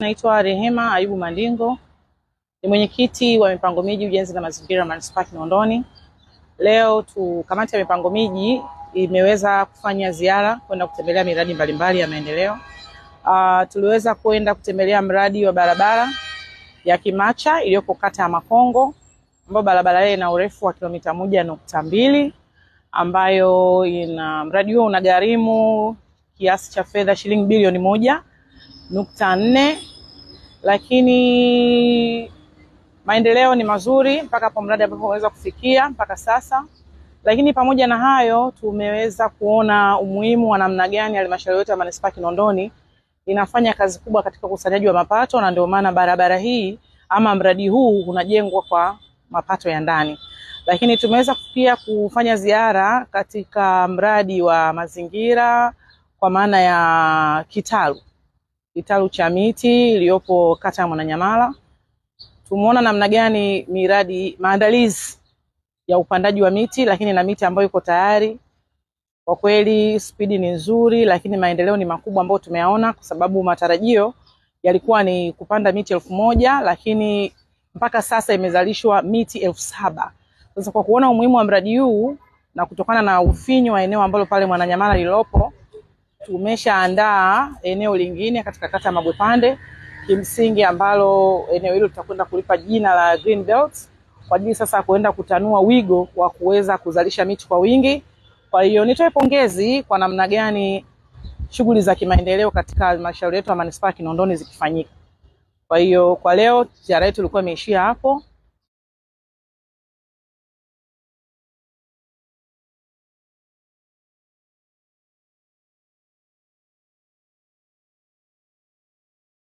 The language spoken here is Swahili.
Naitwa Rehema Ayubu Mandingo, ni mwenyekiti wa mipango miji, ujenzi na mazingira manispaa Kinondoni. Leo tu kamati ya mipango miji imeweza kufanya ziara kwenda kutembelea miradi mbalimbali ya maendeleo. Uh, tuliweza kwenda kutembelea mradi wa barabara ya Kimacha iliyoko kata ya Makongo, ambayo barabara hiyo ina urefu wa kilomita moja nukta mbili ambayo ina mradi huo unagharimu kiasi cha fedha shilingi bilioni moja nukta nne lakini maendeleo ni mazuri mpaka hapo mradi ambapo umeweza kufikia mpaka sasa. Lakini pamoja na hayo, tumeweza kuona umuhimu wa namna gani halmashauri yote ya manispaa Kinondoni inafanya kazi kubwa katika ukusanyaji wa mapato, na ndio maana barabara hii ama mradi huu unajengwa kwa mapato ya ndani. Lakini tumeweza pia kufanya ziara katika mradi wa mazingira kwa maana ya kitalu kitalu cha miti iliyopo kata ya Mwananyamala. Tumeona namna gani miradi maandalizi ya upandaji wa miti, lakini na miti ambayo iko tayari. Kwa kweli spidi ni nzuri, lakini maendeleo ni makubwa ambayo tumeyaona, kwa sababu matarajio yalikuwa ni kupanda miti elfu moja lakini mpaka sasa imezalishwa miti elfu saba. Sasa kwa kuona umuhimu wa mradi huu na kutokana na ufinyu wa eneo ambalo pale Mwananyamala lilopo Tumeshaandaa eneo lingine katika kata ya Mabwepande kimsingi, ambalo eneo hilo tutakwenda kulipa jina la Green Belt kwa ajili sasa kuenda kutanua wigo wa kuweza kuzalisha miti kwa wingi. Kwa hiyo nitoe pongezi kwa namna gani shughuli za kimaendeleo katika halmashauri yetu ya manispaa Kinondoni zikifanyika. Kwa hiyo kwa leo ziara yetu ilikuwa imeishia hapo.